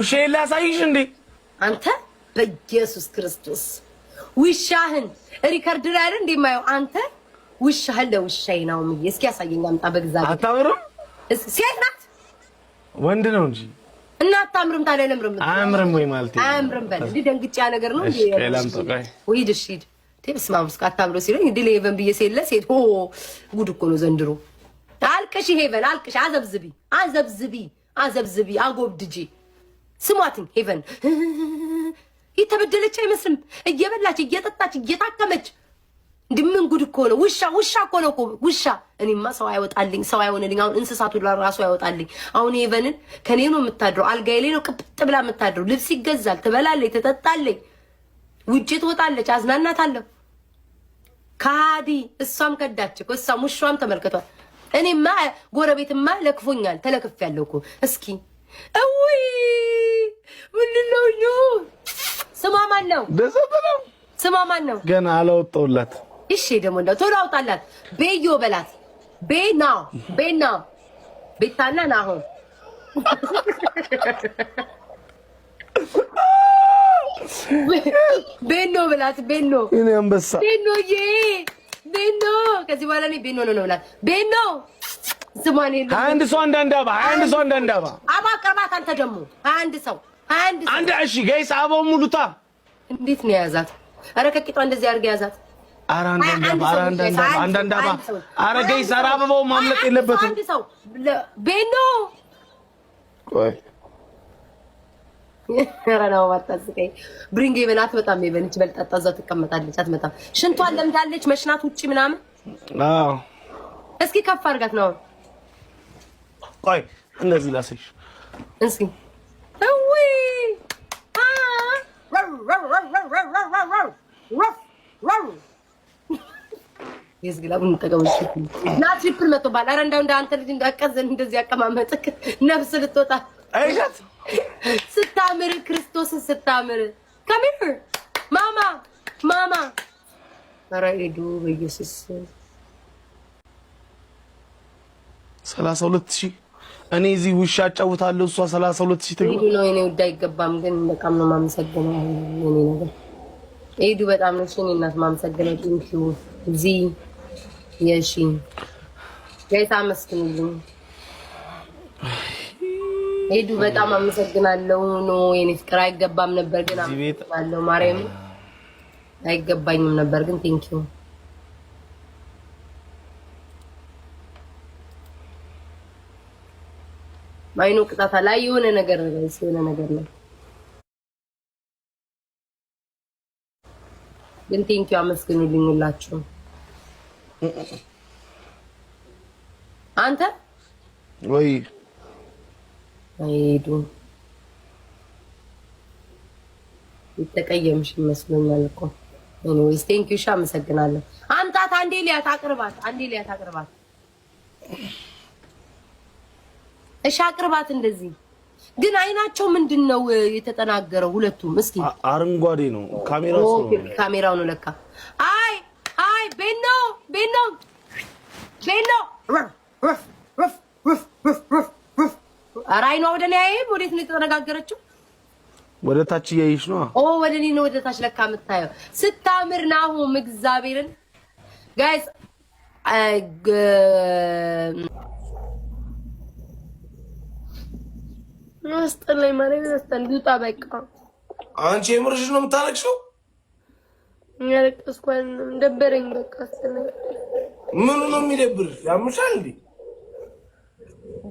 ውሻዬን ላሳይሽ እንዴ? አንተ በኢየሱስ ክርስቶስ ውሻህን ሪከርድ ላይ አይደል እንደማየው አንተ ውሻህን ለውሻዬ ነው ምዬ እስኪ ያሳየኝ አምጣ። በእግዚአብሔር አታምርም። ሴት ናት ወንድ ነው እንጂ እና አታምርም። ታዲያ ለምርም አያምርም ወይ ማለት ነው። አያምርም በል እንዴ። ደንግጬ ያ ነገር ነው እንዴ? ወይድ እሺ ተብስማ ውስጥ አታምሮ ሲለኝ እንዴ ለይቨን ብዬ ሴለ ሴት ሆ ጉድ እኮ ነው ዘንድሮ። አልቅሽ ሄቨን አልቅሽ፣ አዘብዝቢ፣ አዘብዝቢ፣ አዘብዝቢ፣ አጎብድጂ ስሟትኝ ሄቨን የተበደለች አይመስልም። እየበላች እየጠጣች እየታከመች ድምን ጉድ እኮ ነው። ውሻ ውሻ እኮ ነው ውሻ። እኔማ ሰው አይወጣልኝ፣ ሰው አይሆንልኝ። አሁን እንስሳቱ ራሱ አይወጣልኝ። አሁን ሄቨንን ከኔ ነው የምታድረው፣ አልጋዬ ላይ ነው ቅጥ ብላ የምታድረው። ልብስ ይገዛል፣ ትበላለች፣ ትጠጣለች፣ ውጭ ትወጣለች። አዝናናታለሁ። ከሃዲ እሷም ከዳች እኮ እሷም ውሻም ተመልክቷል። እኔማ ጎረቤትማ ለክፎኛል፣ ተለክፌያለሁ እኮ እስኪ እውይ ስሟ ማን ነው? ስሟ ማን ነው? ገና አላወጣሁላት። እሺ ደግሞ እንደው ቶሎ አውጣላት። ቤዮ በላት። ቤና ቤና ቤታና ና ቤኖ ብላት። ቤኖ እኔ አንበሳ ቤኖዬ፣ ቤኖ ከዚህ በኋላ እኔ ቤኖ ነው ብላት። ቤኖ ስሟን አንድ ሰው አንድ አንድ አንድ ሰው አንድ አንድ አባ ቅርባት አንተ ደግሞ አንድ ሰው አንድ እሺ፣ ጋይስ አበባውን ሙሉታ። እንዴት ነው የያዛት? አረ ከቂጧ እንደዚህ አድርገህ የያዛት። አረ አንዳንድ አረ ጋይስ፣ አረ አበባው ማምለጥ የለበትም። አንድ ሰው ቤኖ ቆይ ረናው በጣም የበነች በልጣጣ እዛ ትቀመጣለች፣ አትመጣም። ሽንቷን ለምዳለች መሽናት ውጪ ምናምን። አዎ እስኪ ከፍ አድርጋት ነው። ቆይ እንደዚህ ላስሽ እስኪ የዝግላቡን እንጠቀም እና ትሪፕል መቶባል። ኧረ እንዳው እንደ አንተ ልጅ እንዳቀዘን እንደዚህ ያቀማመጥክ ነፍስ ልትወጣ አይሻት ስታምር ክርስቶስን ስታምር ከሚር ማማ ማማ ኧረ ኤዱ በኢየሱስ ሰላሳ ሁለት ሺህ እኔ እዚህ ውሻ አጫውታለሁ። እሷ ሰላሳ ሁለት ሺህ ትግባ ነው። የኔ ውድ አይገባም፣ ግን በጣም ነው የማመሰግነው። የኔ ነገር ኤዱ በጣም ነው እኔ እናት የማመሰግነው ቲንኪዩ እዚህ የሺ ጌታ አመስግኑልኝ። ሄዱ በጣም አመሰግናለሁ። ኖ የኔ ፍቅር አይገባም ነበር ግን አመሰግናለሁ። ማርያም አይገባኝም ነበር ግን ዩ ማይኖ ቅጣታ ላይ የሆነ ነገር ነው የሆነ ነገር ነው ግን ቴንኪው አመስግኑልኝ ሁላችሁም። አንተ ወይ አይሄዱም። የተቀየምሽ ይመስለኛል እኮ ኤኒዌይስ ቴንክ ዩ ሻ አመሰግናለሁ። አምጣት፣ አንዴ ሊያት አቅርባት፣ አንዴ ሊያት አቅርባት። እሺ አቅርባት። እንደዚህ ግን አይናቸው ምንድን ነው የተጠናገረው? ሁለቱም እስኪ አረንጓዴ ነው። ካሜራው ነው ለካ። አይ አይ ቤና ቤኖ ቤኖ ኧረ አይኗ ወደ እኔ አይም። ወዴት ነው የተነጋገረችው? ወደ ታች እያየሽ ነው። ኦ ወደ እኔ ነው ወደ ታች ለካ የምታየው። ስታምር ናሆም እግዚአብሔርን ጋይስ ስጠን ማርያምን ያስጠላል። ግጣ በቃ አንቺ የምርሽ ነው የምታለቅሽው ያለቀስኳል። ደበረኝ። በቃ ምኑ ነው የሚደብር? ያምሻል እንዴ?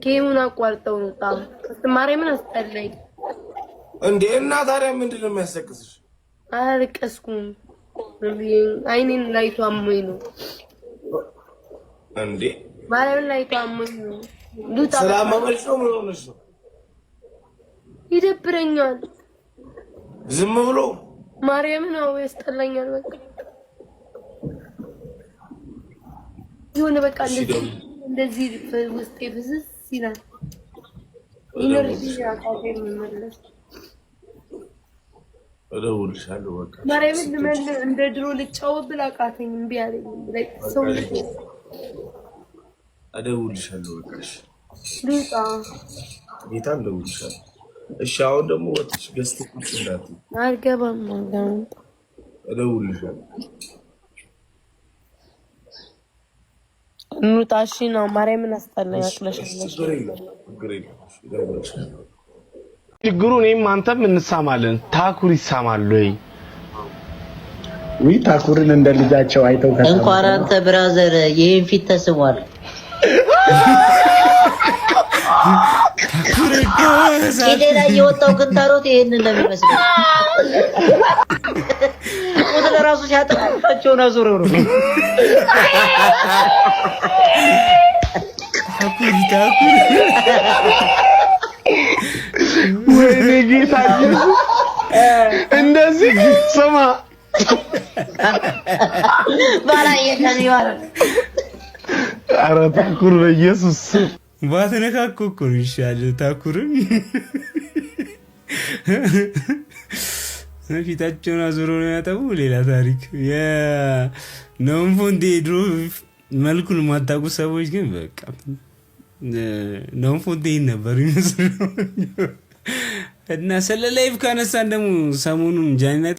ጌሙን አቋርጠው ወጣ። ማርያምን አስጠላኝ እንዴ! እና ታዲያ ምንድን ነው የሚያስለቅስሽ? አላለቀስኩም። አይኔን ላይቷ አሞኝ ነው እንዴ? ማርያምን ላይቷ አሞኝ ነው። ሉጣ ስላመመሽ ምን ሆነሽ ነው? ይደብረኛል ዝም ብሎ ማርያም ነው ያስጠላኛል። በቃ የሆነ በቃ እንደዚህ ውስጤ ፍስስ ይላል። ኢነርጂ አቃቴ የምመለስ እደውልልሻለሁ። በቃ ማርያምን ልመል እንደ ድሮ ልጫወት ብል አቃተኝ። እምቢ አለኝ። ሰው በቃ ልውጣ ጌታ እሺ፣ አሁን ደግሞ ወጥሽ ገዝተሽ ቁጭ እንዳት አልገባም። እደውልልሻለሁ። እንውጣ። እሺ ነው ማርያምን አስጠላኝ። ችግሩ እኔም አንተም እንሳማለን። ታኩር ይሳማሉ ወይ ታኩርን እንደ ልጃቸው አይተው እንኳን አንተ ብራዘር ይሄን ፊት ተስሟል። ከሌላ እየወጣው ክንታሮት ይሄንን ነው የሚመስለው። ወደ ለራሱ ሲያጠፋቸውን አዙረው ነው እንደዚህ ስማ በኢየሱስ ባትነካኮ እኮ ይሻል። ታኩርም ፊታቸውን አዙሮ ነው ያጠቡ። ሌላ ታሪክ ነንፎ እንደ ድሮ መልኩን የማታውቁ ሰዎች ግን በቃ ነንፎ እንዴት ነበር ይመስል እና ስለ ላይፍ ካነሳን ደግሞ ሰሞኑን ጃኒና